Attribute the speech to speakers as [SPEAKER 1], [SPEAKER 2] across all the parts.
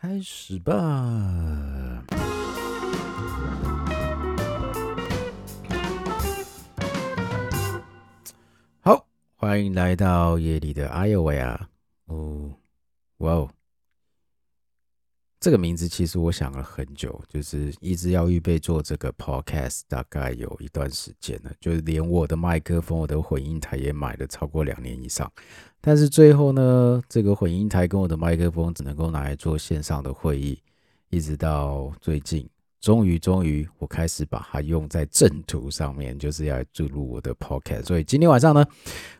[SPEAKER 1] 開始吧！好，歡迎來到夜裡的艾唷喂呀，哦，哇哦！這個名字其實我想了很久，就是一直要預備做這個 podcast，大概有一段時間了，就是連我的麥克風、我的混音台也買了超過兩年以上。但是最後呢，這個混音台跟我的麥克風只能夠拿來做線上的會議，一直到最近，終於，終於，我開始把它用在正途上面，就是要注入我的 podcast。所以今天晚上呢，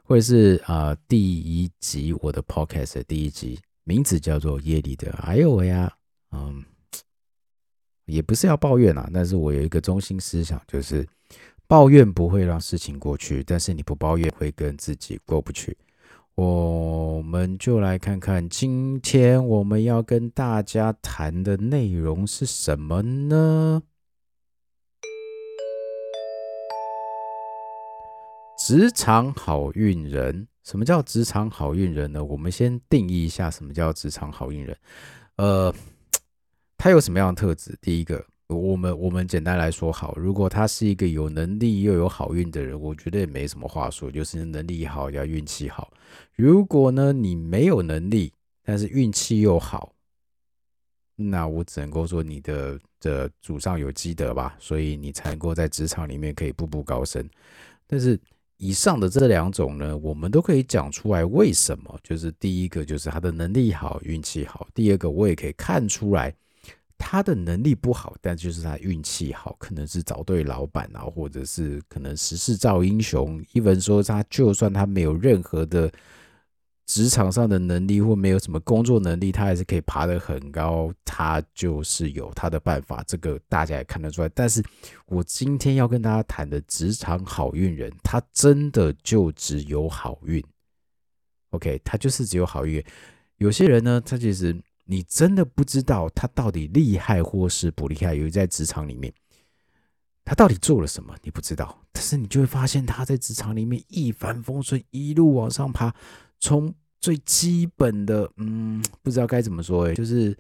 [SPEAKER 1] 會是啊、呃、第一集我的 podcast 的第一集，名字叫做《艾唷喂呀》，還有呀。嗯，也不是要抱怨啦、啊，但是我有一個中心思想，就是抱怨不會讓事情過去，但是你不抱怨會跟自己過不去。我們就來看看今天我們要跟大家談的內容是什麼呢？職場好運人，什麼叫職場好運人呢？我們先定義一下什麼叫職場好運人，呃。他有什麼樣的特質？第一個，我們我們簡單來說好，如果他是一個有能力又有好運的人，我覺得也沒什麼話說，就是能力好，要運氣好。如果呢，你沒有能力，但是運氣又好，那我只能夠說你的的祖上有積德吧，所以你才能夠在職場裡面可以步步高升。但是以上的這兩種呢，我們都可以講出來為什麼？就是第一個，就是他的能力好，運氣好；第二個，我也可以看出來。他的能力不好，但就是他運氣好，可能是找對老闆啊，或者是可能時勢造英雄。一文說他，就算他沒有任何的職場上的能力，或沒有什麼工作能力，他還是可以爬得很高。他就是有他的辦法，這個大家也看得出來。但是我今天要跟大家談的職場好運人，他真的就只有好運。OK，他就是只有好運。有些人呢，他其實。你真的不知道他到底厲害或是不厲害，尤其在職場裡面，他到底做了什麼，你不知道。但是你就會發現他在職場裡面一帆風順，一路往上爬，從最基本的，嗯，不知道該怎麼說，哎，就是。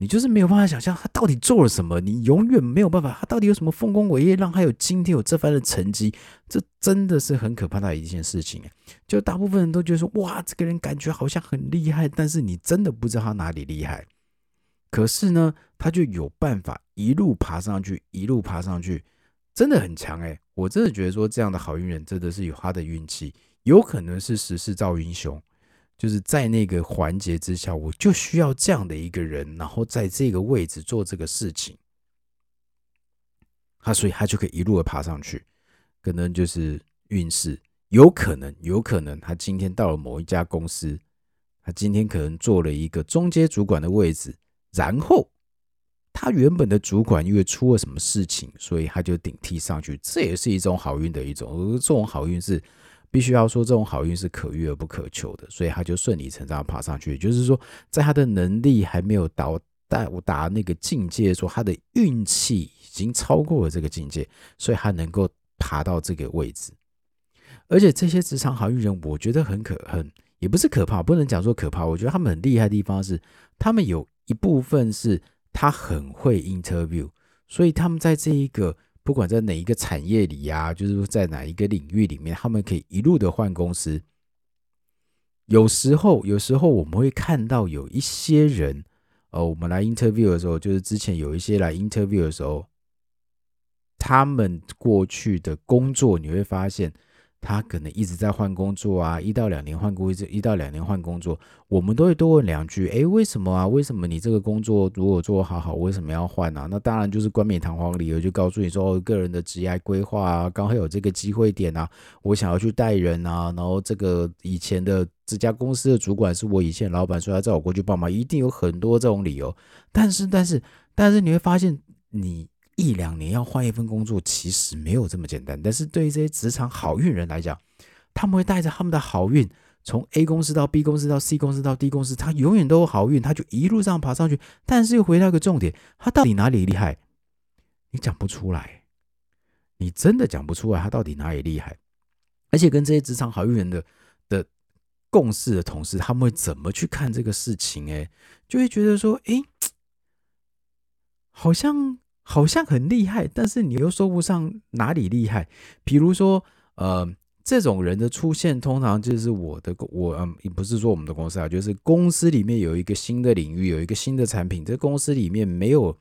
[SPEAKER 1] 你就是沒有辦法想象他到底做了什麼，你永遠沒有辦法，他到底有什麼豐功偉業，讓他有今天有這番的成績，這真的是很可怕的一件事情。就大部分人都覺得說，哇，這個人感覺好像很厲害，但是你真的不知道他哪裡厲害。可是呢，他就有辦法一路爬上去，一路爬上去，真的很強哎、欸！我真的覺得說，這樣的好運人真的是有他的運氣，有可能是時勢造英雄。就是在那個環節之下，我就需要這樣的一個人，然後在這個位置做這個事情，他所以他就可以一路的爬上去。可能就是運勢，有可能，有可能他今天到了某一家公司，他今天可能做了一個中階主管的位置，然後他原本的主管因為出了什麼事情，所以他就頂替上去，這也是一種好運的一種。而這種好運是。必須要說這種好運是可遇而不可求的，所以他就順理成章爬上去。也就是說，在他的能力還沒有到達那個境界的時候，他的運氣已經超過了這個境界，所以他能夠爬到這個位置。而且這些職場好運人，我覺得很可恨，也不是可怕，不能講說可怕。我覺得他們很厲害的地方是，他們有一部分是他很會 interview，所以他們在這一個。不管在哪一個產業裡呀、啊，就是在哪一個領域裡面，他們可以一路的換公司。有時候，有時候我們會看到有一些人，哦，我們來 interview 的時候，就是之前有一些來 interview 的時候，他們過去的工作，你會發現。他可能一直在換工作啊，一到兩年換工作，一到兩年換工作，我們都會多問兩句，誒，為什麼啊？為什麼你這個工作如果做好好，為什麼要換呢、啊？那當然就是冠冕堂皇理由，就告訴你說、哦、個人的職業規劃啊，剛好有這個機會點啊，我想要去帶人啊，然後這個以前的這家公司的主管是我以前老闆，所以要叫我過去幫忙，一定有很多這種理由。但是，但是，但是你會發現你。一兩年要換一份工作，其實沒有這麼簡單。但是對於這些職場好運人來講，他們會帶着他們的好運，從 A 公司到 B 公司，到 C 公司，到 D 公司，他永遠都有好運，他就一路上爬上去。但是又回到一個重點，他到底哪裡厲害？你講不出來，你真的講不出來，他到底哪裡厲害？而且跟這些職場好運人的的共事的同事，他們會怎麼去看這個事情？誒，就會覺得說，哎，好像。好像很厲害，但是你又說不上哪裡厲害。比如說，呃，這種人的出現，通常就是我的我、嗯、不是說我們的公司啊，就是公司裡面有一個新的領域，有一個新的產品。這公司裡面沒有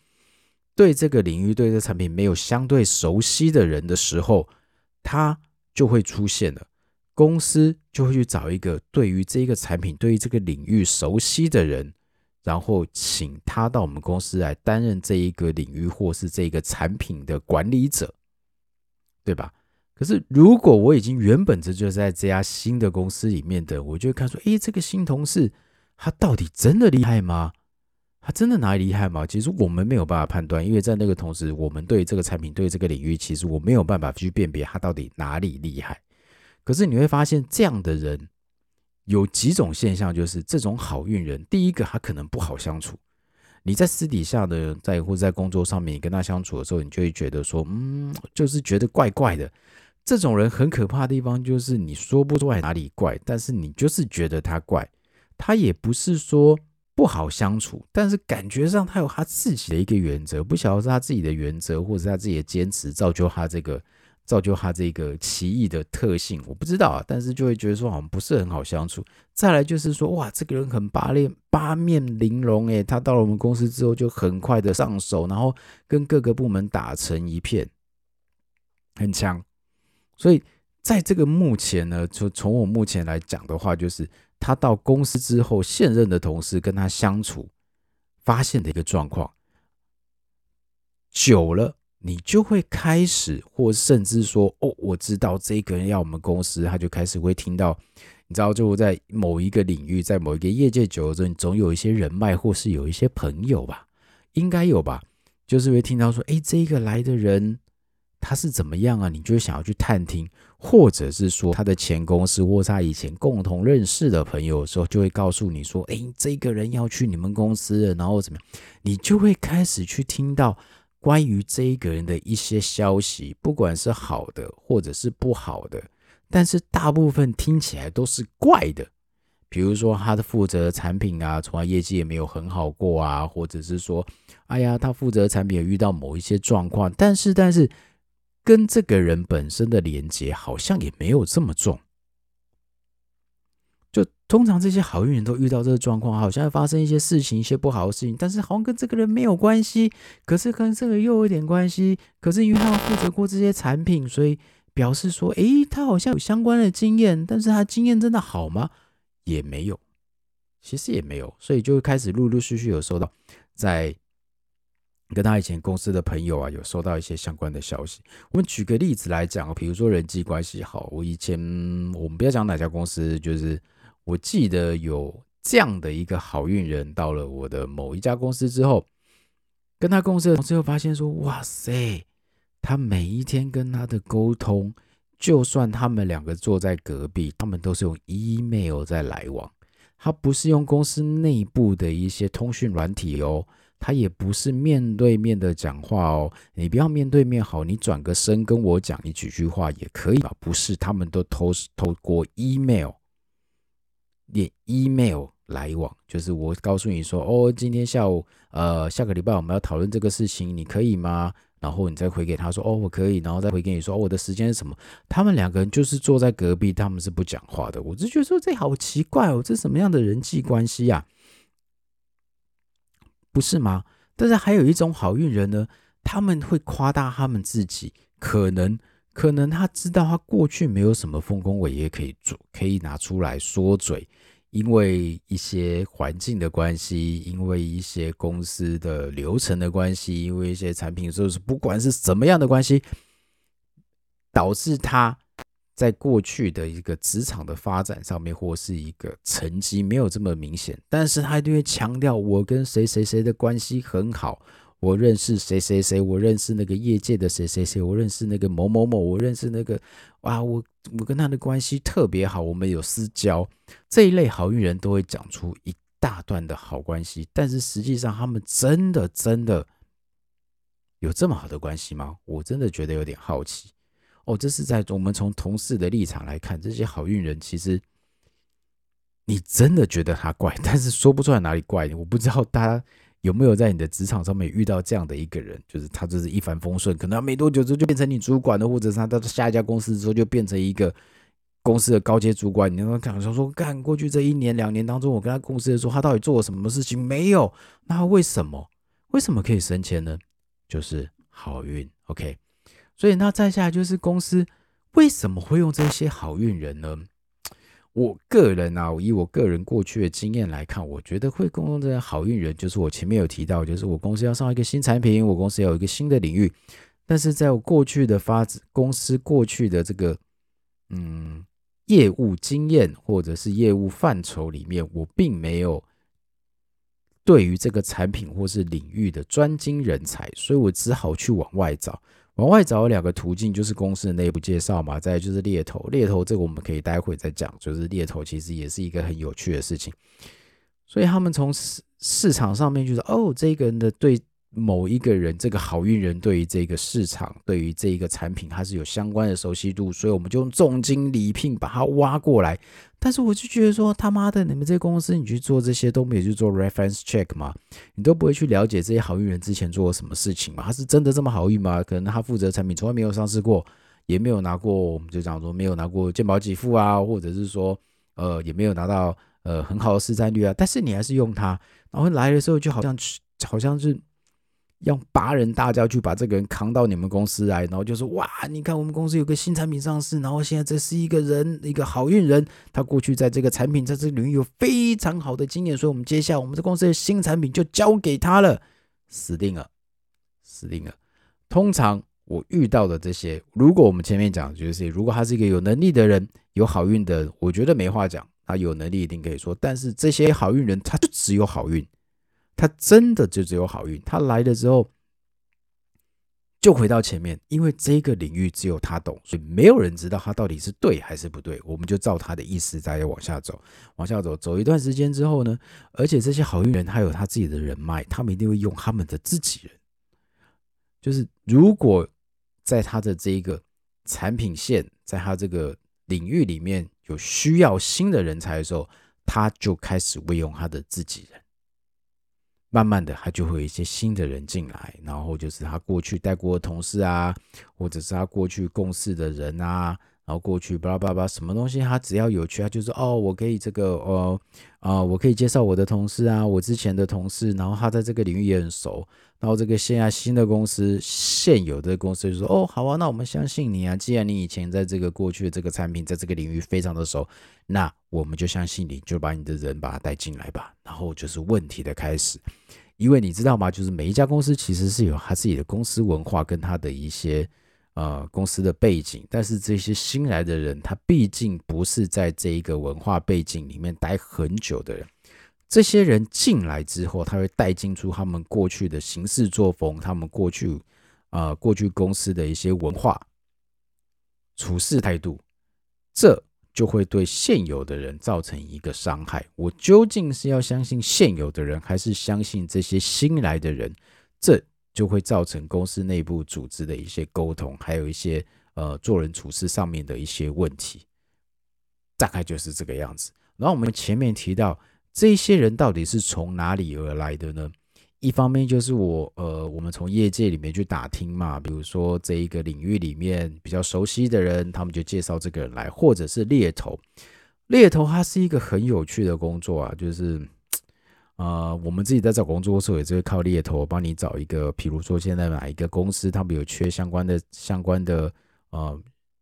[SPEAKER 1] 對這個領域、對這個產品沒有相對熟悉的人的時候，他就會出現了。公司就會去找一個對於這個產品、對於這個領域熟悉的人。然後請他到我們公司來擔任這一個領域或是這一個產品的管理者，對吧？可是如果我已經原本這就是在這家新的公司裡面的，我就會看說，誒，這個新同事他到底真的厲害嗎？他真的哪裡厲害嗎？其實我們沒有辦法判斷，因為在那個同時，我們對這個產品、對這個領域，其實我沒有辦法去辨別他到底哪裡厲害。可是你會發現，這樣的人。有幾種現象，就是這種好運人，第一個他可能不好相處。你在私底下的，在或在工作上面你跟他相處的時候，你就會覺得說，嗯，就是覺得怪怪的。這種人很可怕的地方，就是你說不出來哪裡怪，但是你就是覺得他怪。他也不是說不好相處，但是感覺上他有他自己的一個原則，不曉得是他自己的原則或者是他自己的堅持，造就他這個。造就他這個奇異的特性，我不知道啊，但是就會覺得說好像不是很好相處。再來就是說，哇，這個人很八面八面玲瓏誒、欸，他到了我們公司之後就很快的上手，然後跟各個部門打成一片，很強。所以在這個目前呢，就從我目前來講的話，就是他到公司之後，現任的同事跟他相處發現的一個狀況，久了。你就會開始，或甚至說，哦，我知道這個人要我們公司，他就開始會聽到，你知道，就在某一個領域，在某一個業界久之後，有時候你總有一些人脈，或是有一些朋友吧，應該有吧，就是會聽到說，誒，這個來的人他是怎麼樣啊？你就會想要去探聽，或者是說他的前公司，或他以前共同認識的朋友的時候，就會告訴你說，誒，這個人要去你們公司，然後怎麼樣？你就會開始去聽到。關於這個人的一些消息，不管是好的或者是不好的，但是大部分聽起來都是怪的。比如說，他的負責的產品啊，從來業績也沒有很好過啊，或者是說，哎呀，他負責產品有遇到某一些狀況，但是但是跟這個人本身的連接好像也沒有這麼重。就通常這些好運人都遇到這個狀況，好像發生一些事情，一些不好的事情，但是好像跟這個人沒有關係，可是跟這個又有一點關係。可是因為他負責過這些產品，所以表示說，誒、欸，他好像有相關的經驗。但是他經驗真的好嗎？也沒有，其實也沒有，所以就開始陸陸續續有收到，在跟他以前公司的朋友啊，有收到一些相關的消息。我們舉個例子來講，比如說人際關係好，我以前我們不要講哪家公司，就是。我記得有這樣的一個好運人，到了我的某一家公司之後，跟他共事之後發現說：“哇塞，他每一天跟他的溝通，就算他們兩個坐在隔壁，他們都是用 email 在來往。他不是用公司內部的一些通訊軟體哦，他也不是面對面的講話哦。你不要面對面好，你轉個身跟我講一幾句句話也可以吧？不是，他們都透過 email。”連 email 來往，就是我告訴你說，哦，今天下午，呃，下個禮拜我們要討論這個事情，你可以嗎？然後你再回給他說，哦，我可以，然後再回給你說，哦，我的時間是什麼？他們兩個人就是坐在隔壁，他們是不講話的。我就覺得說，這好奇怪哦，這什麼樣的人際關係啊？不是嗎？但是還有一種好運人呢，他們會誇大他們自己可能。可能他知道他過去沒有什麼豐功偉業可以做，可以拿出來說嘴，因為一些環境的關係，因為一些公司的流程的關係，因為一些產品，就是不管是什麼樣的關係，導致他在過去的一個職場的發展上面或是一個成績沒有這麼明顯，但是他一定會強調我跟誰誰誰的關係很好。我認識誰誰誰，我認識那個業界的誰誰誰，我認識那個某某某，我認識那個，哇，我我跟他的關係特別好，我們有私交。這一類好運人都會講出一大段的好關係，但是實際上他們真的真的有這麼好的關係嗎？我真的覺得有點好奇哦。這是在我們從同事的立場來看，這些好運人其實你真的覺得他怪，但是說不出來哪裡怪，我不知道大家。有沒有在你的職場上面遇到這樣的一個人？就是他，這是一帆風順，可能他沒多久之後就就變成你主管了，或者是他到下一家公司之後就變成一個公司的高階主管。你能他講說，幹過去這一年、兩年當中，我跟他共事的時候，他到底做了什麼事情沒有？那為什麼？為什麼可以升遷呢？就是好運。OK，所以那再下來就是公司為什麼會用這些好運人呢？我個人啊，我以我個人過去的經驗來看，我覺得會工作的好運人，就是我前面有提到，就是我公司要上一個新產品，我公司要有一個新的領域，但是在我過去的發公司過去的這個嗯業務經驗或者是業務範疇裡面，我並沒有對於這個產品或是領域的專精人才，所以我只好去往外找。往外找有兩個途徑，就是公司的內部介紹嘛，再就是獵頭。獵頭這個我們可以待會再講，就是獵頭其實也是一個很有趣的事情。所以他們從市市場上面就是，哦，這個人的對某一個人，這個好運人對於這個市場，對於這一個產品，他是有相關的熟悉度，所以我們就用重金禮聘把他挖過來。但是我就覺得說，他媽的，你們這些公司，你去做這些都沒有去做 reference check 嘛，你都不會去了解這些好運人之前做了什麼事情嘛，他是真的這麼好運嗎？可能他負責產品從來沒有上市過，也沒有拿過，我們就講說沒有拿過健保給付啊，或者是說，呃，也沒有拿到，呃很好的市占率啊。但是你還是用他，然後來的時候就好像，好像是。用八人大轎去把這個人扛到你們公司來，然後就說：哇，你看我們公司有個新產品上市，然後現在這是一個人，一個好運人，他過去在這個產品，在這個領域有非常好的經驗，所以我們接下來我們這公司的新產品就交給他了。死定了，死定了。通常我遇到的這些，如果我們前面講就是，如果他是一個有能力的人，有好運的人，我覺得沒話講，他有能力一定可以說。但是這些好運人，他就只有好運。他真的就只有好運，他來的時候就回到前面，因為這個領域只有他懂，所以沒有人知道他到底是對還是不對。我們就照他的意思再往下走，往下走，走一段時間之後呢，而且這些好運人他有他自己的人脈，他們一定會用他們的自己人。就是如果在他的這一個產品線，在他這個領域裡面有需要新的人才的時候，他就開始會用他的自己人。慢慢的，他就會有一些新的人進來，然後就是他過去帶過的同事啊，或者是他過去共事的人啊。然後過去，巴拉巴拉什麼東西，他只要有趣，他就說，哦，我可以這個，哦、呃、啊、呃，我可以介紹我的同事啊，我之前的同事，然後他在這個領域也很熟。然後這個現在新的公司、現有的公司就說，哦，好啊，那我們相信你啊，既然你以前在這個過去的這個產品，在這個領域非常的熟，那我們就相信你，就把你的人把他帶進來吧。然後就是問題的開始，因為你知道嗎？就是每一家公司其實是有他自己的公司文化跟他的一些。呃，公司的背景，但是這些新來的人，他畢竟不是在這一個文化背景裡面待很久的人。這些人進來之後，他會帶進出他們過去的行事作風，他們過去，呃，過去公司的一些文化、處事態度，這就會對現有的人造成一個傷害。我究竟是要相信現有的人，還是相信這些新來的人？這？就會造成公司內部組織的一些溝通，還有一些呃做人處事上面的一些問題，大概就是這個樣子。然後我們前面提到，這些人到底是從哪裡而來的呢？一方面就是我呃，我們從業界裡面去打聽嘛，比如說這一個領域裡面比較熟悉的人，他們就介紹這個人來，或者是獵頭。獵頭它是一個很有趣的工作啊，就是。呃，我們自己在找工作的時候也就，也是會靠獵頭幫你找一個，比如說現在哪一個公司他們有缺相關的、相關的呃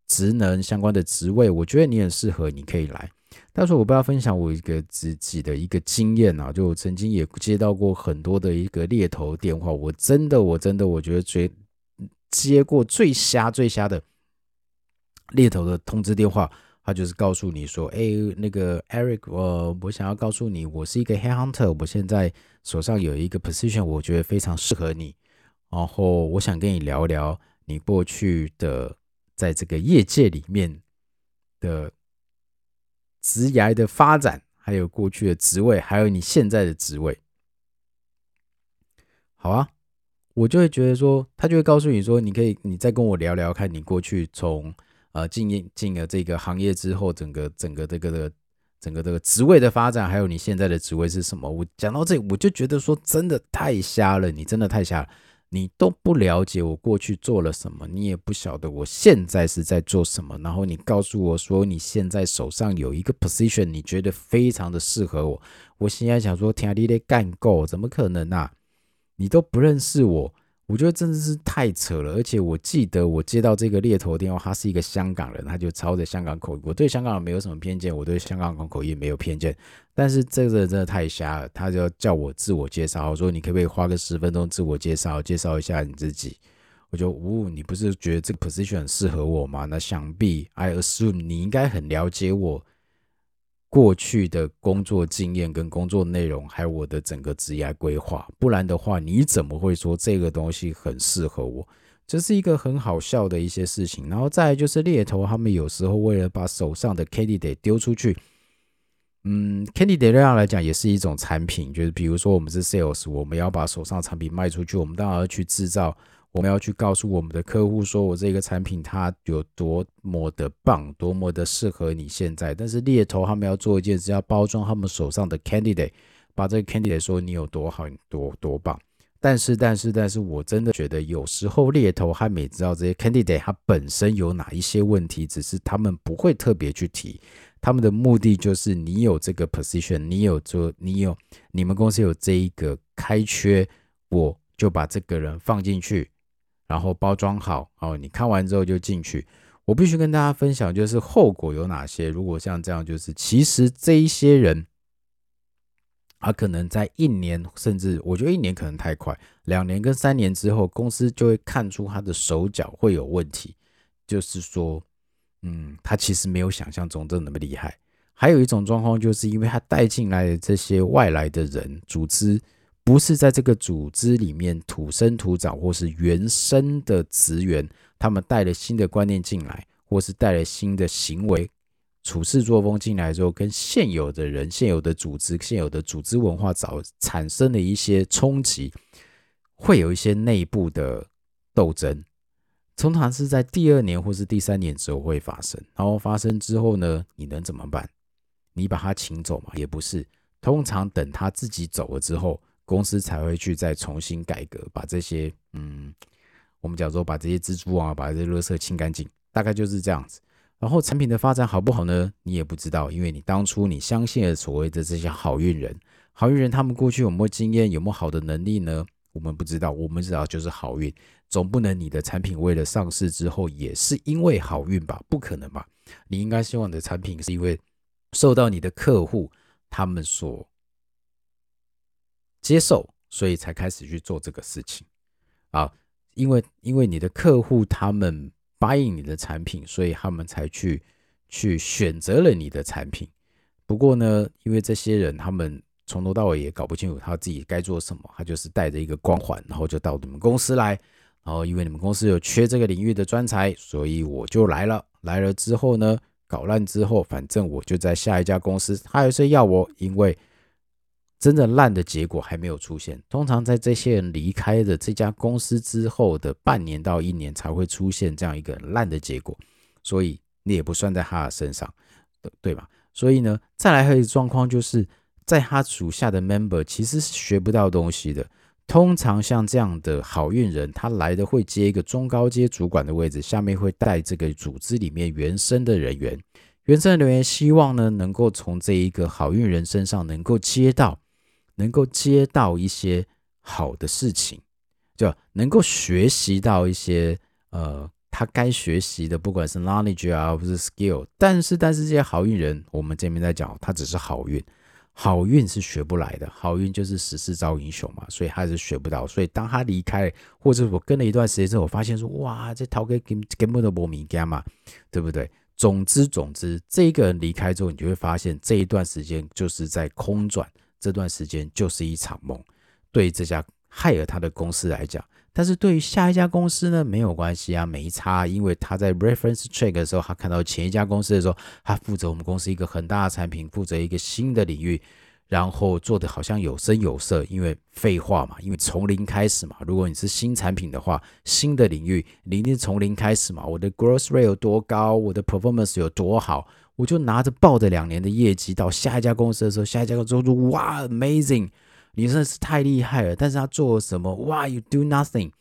[SPEAKER 1] 職能相關的職位，我覺得你很適合，你可以來。但是，我不要分享我一個自己的一個經驗啊，就我曾經也接到過很多的一個獵頭電話，我真的，我真的，我覺得最接過最瞎最瞎的獵頭的通知電話。他就是告訴你說：“哎，那個 Eric，我我想要告訴你，我是一個 headhunter，我現在手上有一個 position，我覺得非常適合你。然後我想跟你聊聊你過去的在這個業界裡面的職涯的發展，還有過去的職位，還有你現在的職位。好啊，我就會覺得說，他就會告訴你說，你可以，你再跟我聊聊，看你過去從。”呃，進進呃這個行業之後，整個整個這個的、這個、整個這個職位的發展，還有你現在的職位是什麼？我講到這裡，我就覺得說，真的太瞎了，你真的太瞎了，你都不了解我過去做了什麼，你也不曉得我現在是在做什麼。然後你告訴我說，你現在手上有一個 position，你覺得非常的適合我。我現在想說，天大地干夠，怎麼可能啊？你都不認識我。我覺得真的是太扯了，而且我記得我接到這個獵頭電話，他是一個香港人，他就操著香港口音。我對香港人沒有什麼偏見，我對香港口音沒有偏見。但是這個真的太瞎了，他就叫我自我介紹，我說你可不可以花個十分鐘自我介紹，介紹一下你自己？我就，嗚、哦，你不是覺得這個 position 很適合我嗎？那想必，I assume 你應該很了解我。過去的工作經驗跟工作內容，還有我的整個職業規劃，不然的話，你怎麼會說這個東西很適合我？這是一個很好笑的一些事情。然後再來就是獵頭，他們有時候為了把手上的 candidate 丟出去，嗯，candidate 這樣來講也是一種產品，就是比如說我們是 Sales，我們要把手上產品賣出去，我們當然要去制造。我們要去告訴我們的客戶說，我這個產品它有多麼的棒，多麼的適合你現在，但是獵頭他們要做一件事，只要包裝他們手上的 candidate，把這個 candidate 說你有多好，你多多棒。但是，但是，但是我真的覺得有時候獵頭他們也知道這些 candidate 他本身有哪一些問題，只是他們不會特別去提。他們的目的就是你有這個 position，你有這，你有你們公司有這一個開缺，我就把這個人放進去。然後包裝好，哦，你看完之後就進去。我必須跟大家分享，就是後果有哪些。如果像這樣，就是其實這一些人，他，啊，可能在一年，甚至我覺得一年可能太快，兩年跟三年之後，公司就會看出他的手腳會有問題。就是說，嗯，他其實沒有想象中的那麼厲害。還有一種狀況，就是因為他帶進來的這些外來的人組織。不是在這個組織裡面土生土長或是原生的職員，他們帶了新的觀念進來，或是帶了新的行為、處事作風進來之後，跟現有的人、現有的組織、現有的組織文化早產生了一些衝擊，會有一些內部的鬥爭，通常是在第二年或是第三年之後會發生。然後發生之後呢，你能怎麼辦？你把他請走嘛？也不是，通常等他自己走了之後。公司才會去再重新改革，把這些嗯，我們講說把這些蜘蛛網、啊、把這些垃圾清乾淨，大概就是這樣子。然後產品的發展好不好呢？你也不知道，因為你當初你相信了所謂的這些好運人，好運人他們過去有沒有經驗、有沒有好的能力呢？我們不知道，我們知道就是好運。總不能你的產品為了上市之後也是因為好運吧？不可能吧？你應該希望你的產品是因為受到你的客戶他們所。接受，所以才開始去做這個事情啊！因為因為你的客戶他們答應你的產品，所以他們才去去選擇了你的產品。不過呢，因為這些人他們從頭到尾也搞不清楚他自己該做什麼，他就是帶着一個光環，然後就到你們公司來。然後因為你們公司有缺這個領域的專才，所以我就來了。來了之後呢，搞爛之後，反正我就在下一家公司，他還是要我，因為。真的爛的結果還沒有出現，通常在這些人離開了這家公司之後的半年到一年才會出現這樣一個爛的結果，所以你也不算在他的身上，對對吧？所以呢，再來還有一個狀況就是，在他屬下的 member 其實是學不到東西的。通常像這樣的好運人，他來的會接一個中高階主管的位置，下面會帶這個組織裡面原生的人員，原生的人員希望呢能夠從這一個好運人身上能夠接到。能夠接到一些好的事情，就能夠學習到一些呃，他該學習的，不管是 knowledge 啊，或是 skill。但是，但是這些好運人，我們這邊在講，他只是好運，好運是學不來的，好運就是時勢造英雄嘛，所以他是學不到。所以當他離開，或者我跟了一段時間之後，我發現說，哇，這濤哥根本都不明感嘛，對不對？總之，總之，這一個人離開之後，你就會發現，這一段時間就是在空轉。這段時間就是一場夢，對於這家害了他的公司來講，但是對於下一家公司呢，沒有關係啊，沒差啊，因為他在 reference check 的時候，他看到前一家公司的時候，他負責我們公司一個很大的產品，負責一個新的領域，然後做的好像有聲有色，因為廢話嘛，因為從零開始嘛，如果你是新產品的話，新的領域，你一定是從零開始嘛，我的 growth rate 有多高，我的 performance 有多好。我就拿着抱着兩年的業績到下一家公司的時候，下一家公司說：“哇，amazing，你真的是太厲害了。”但是他做了什麼？哇，you do nothing。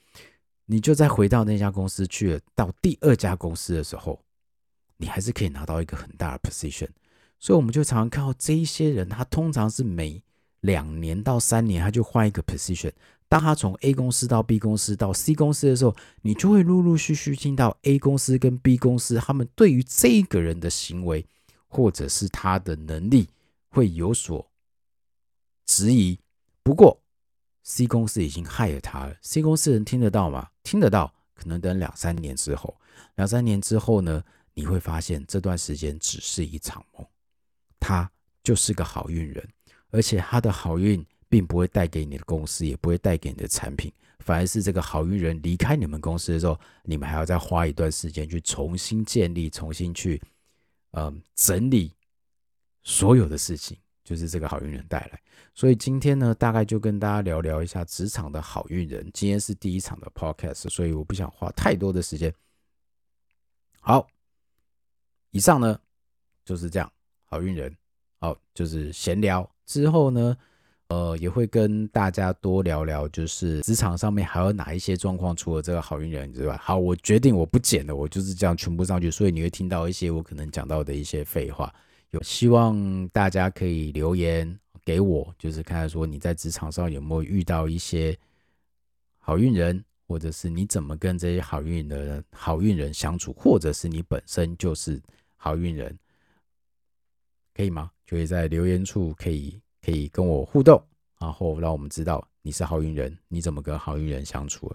[SPEAKER 1] 你就再回到那家公司去了，到第二家公司的時候，你還是可以拿到一個很大的 position。所以我們就常常看到這一些人，他通常是每兩年到三年他就換一個 position。當他從 A 公司到 B 公司到 C 公司的時候，你就會陸陸續續聽到 A 公司跟 B 公司他們對於這個人的行為或者是他的能力會有所質疑。不過，C 公司已經害了他了。C 公司人聽得到嗎？聽得到。可能等兩三年之後，兩三年之後呢，你會發現這段時間只是一場夢。他就是個好運人，而且他的好運。並不會帶給你的公司，也不會帶給你的產品，反而是這個好運人離開你們公司的時候，你們還要再花一段時間去重新建立、重新去，嗯，整理所有的事情，就是這個好運人帶來。所以今天呢，大概就跟大家聊聊一下職場的好運人。今天是第一場的 Podcast，所以我不想花太多的時間。好，以上呢就是這樣，好運人，好，就是閒聊，之後呢。呃，也會跟大家多聊聊，就是職場上面還有哪一些狀況，除了這個好運人之外，好，我決定我不剪了，我就是這樣全部上去，所以你會聽到一些我可能講到的一些廢話。有，希望大家可以留言給我，就是看看說你在職場上有沒有遇到一些好運人，或者是你怎麼跟這些好運的人、好運人相處，或者是你本身就是好運人，可以嗎？就會在留言處可以可以跟我互動，然後讓我們知道你是好運人，你怎麼跟好運人相處。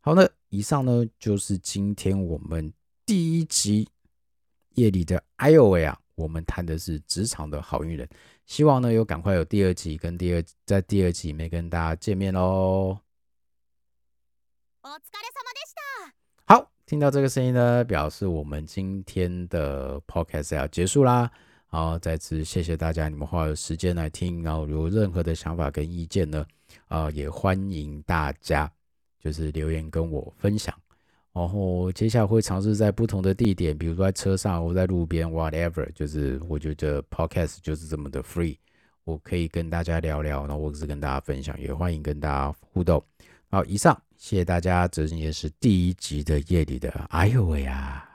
[SPEAKER 1] 好呢，那以上呢就是今天我們第一集夜裡的艾唷喂呀，我們談的是職場的好運人。希望呢有趕快有第二集，跟第二在第二集裡面跟大家見面嘍。好，聽到這個聲音呢，表示我們今天的 podcast 要結束啦。好，再次謝謝大家，你們花了時間來聽，然後有任何的想法跟意見呢，啊、呃，也歡迎大家就是留言跟我分享。然後接下來會嘗試在不同的地點，比如說在車上或在路邊，whatever，就是我覺得 podcast 就是這麼的 free，我可以跟大家聊聊，然後我只跟大家分享，也歡迎跟大家互動。好，以上謝謝大家，這已也是第一集的夜裡的，艾唷喂呀！